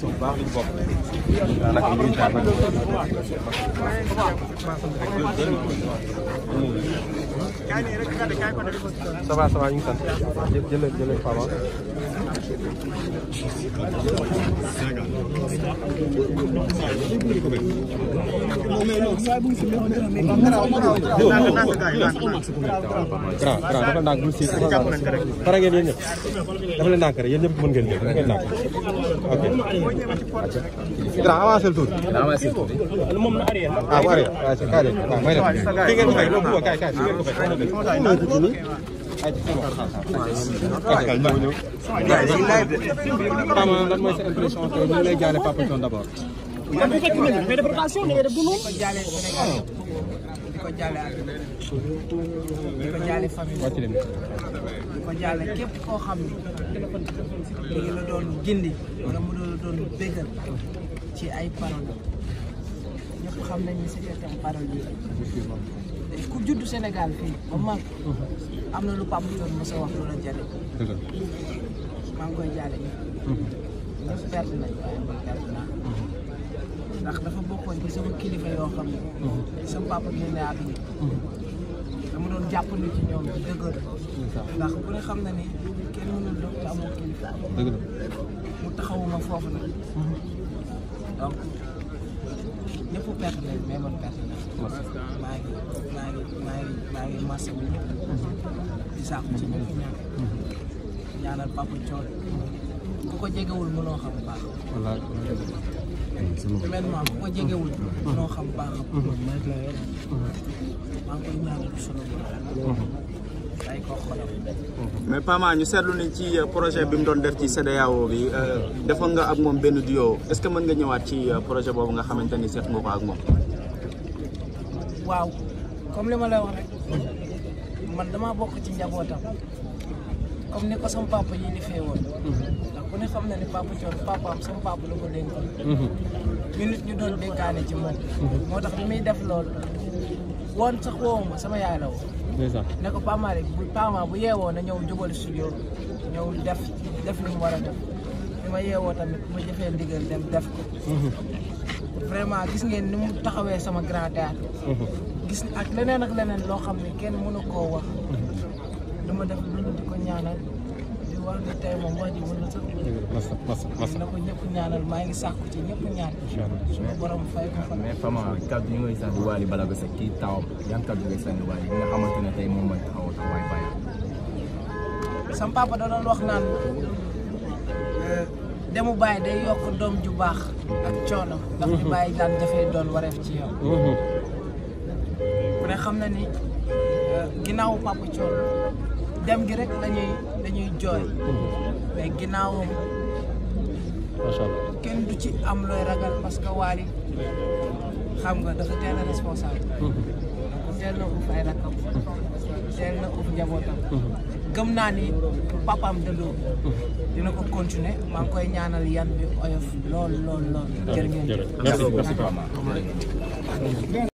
sant bu baax liñ bokk daanaka ñu ngi ça va ça va ñu ngi sant jëlal jëlal Fama. grand grand dafa ndànk bul si pare ngeen yéen ñëpp dafa leen ndànk rek yéen ñëpp mën ngeen ñëw ngeen ndànk ok grand avancé le tour ah bu arrière waaw may dem fi ngeen ko fay loolu bu kaay kaay lan mooy sa impression tey ñu lay jaale Papa Thione d'abord. waaw bu fekkee ne mais déportation da ngay def du moom. di ko jaale ak di ko jaale famille di ko jaale képp koo xam ne mi ngi la doon gindi wala mu la doon bégal ci ay parole ñëpp xam nañ ne secrétaire parole bi ku judd Sénégal fii ba mag am na lu pam doon mos a wax lu la maa ngi koy jaale ñëpp ndax dafa bokkoon ci sama kilifa yoo xam ne sama papa bi ne at dama doon jàppandi ci ñoom ci dëgër ndax ku ne xam na ni kenn mënul doon te amoo kilifa mu taxawuma foofu nag mhm. ñëpp perte nañ mais man perte naa maa ngi maa ngi maa ngi maa ngi marché bi ñëpp di saako ci ñëpp ñaan ñaanal papa Thione ku ko jegewul mënoo xam baax humainement ku ko jegewul mënoo xam baax maa ngi koy ñaanal solo mais Pama ñu seetlu ni ci euh, projet bi mu doon def ci CEDEAO bi euh, defoon nga ak moom benn duo est-ce que mën nga ñëwaat ci euh, projet boobu nga xamante ni seet nga ko ak moom. waaw comme li ma la wax rek man damaa bokk ci njabootam comme ni ko sama papa yi di fee woon. Mhm. ndax ku ne xam na ne papa Thione papaam sama papa la ko dénkoon. Mhm. ñu nit ñu doon dénkaane ci moom. Mhm. moo tax li muy def loolu woon sax woowu sama yaay la woo. ne ko Pape bu Pape bu yeewoo na ñëw jubal studio ñëw def def li war a def li ma yeewoo tamit ma jëfee ndigal dem def ko mhm. vraiment gis ngeen ni mu taxawee sama grand théâtre mhm. gis ak leneen ak leneen loo xam ne kenn mënu koo wax mhm. ma def lu di ko ñaanal war nga tey moom wax ji mën na sax na ko ñëpp ñaanal maa ngi sàkku ci ñëpp ñaan suñu borom fay ko fama kaddu yi ngay sànni Wally Ballago Seck kii taawam yan kaddu ngay sànni Wally bi nga xamante ne tey moom mooy taxaw taxawaay bàyyi sama papa da doon wax naan eh, ju baax ak coono ndax li bàyyi daan mhm. ne xam na ni eh, ginnaaw papa coono dem gi rek lañuy lañuy jooy mais ginnaawam kenn du ci am looy ragal parce que Wally xam nga dafa teel a responsable teel na uuf ay rakkam gëm naa ni papaam dëddoo dina ko continuer maa ngi koy ñaanal yan bi oyof lool lool lool jërë ngeen jëf merci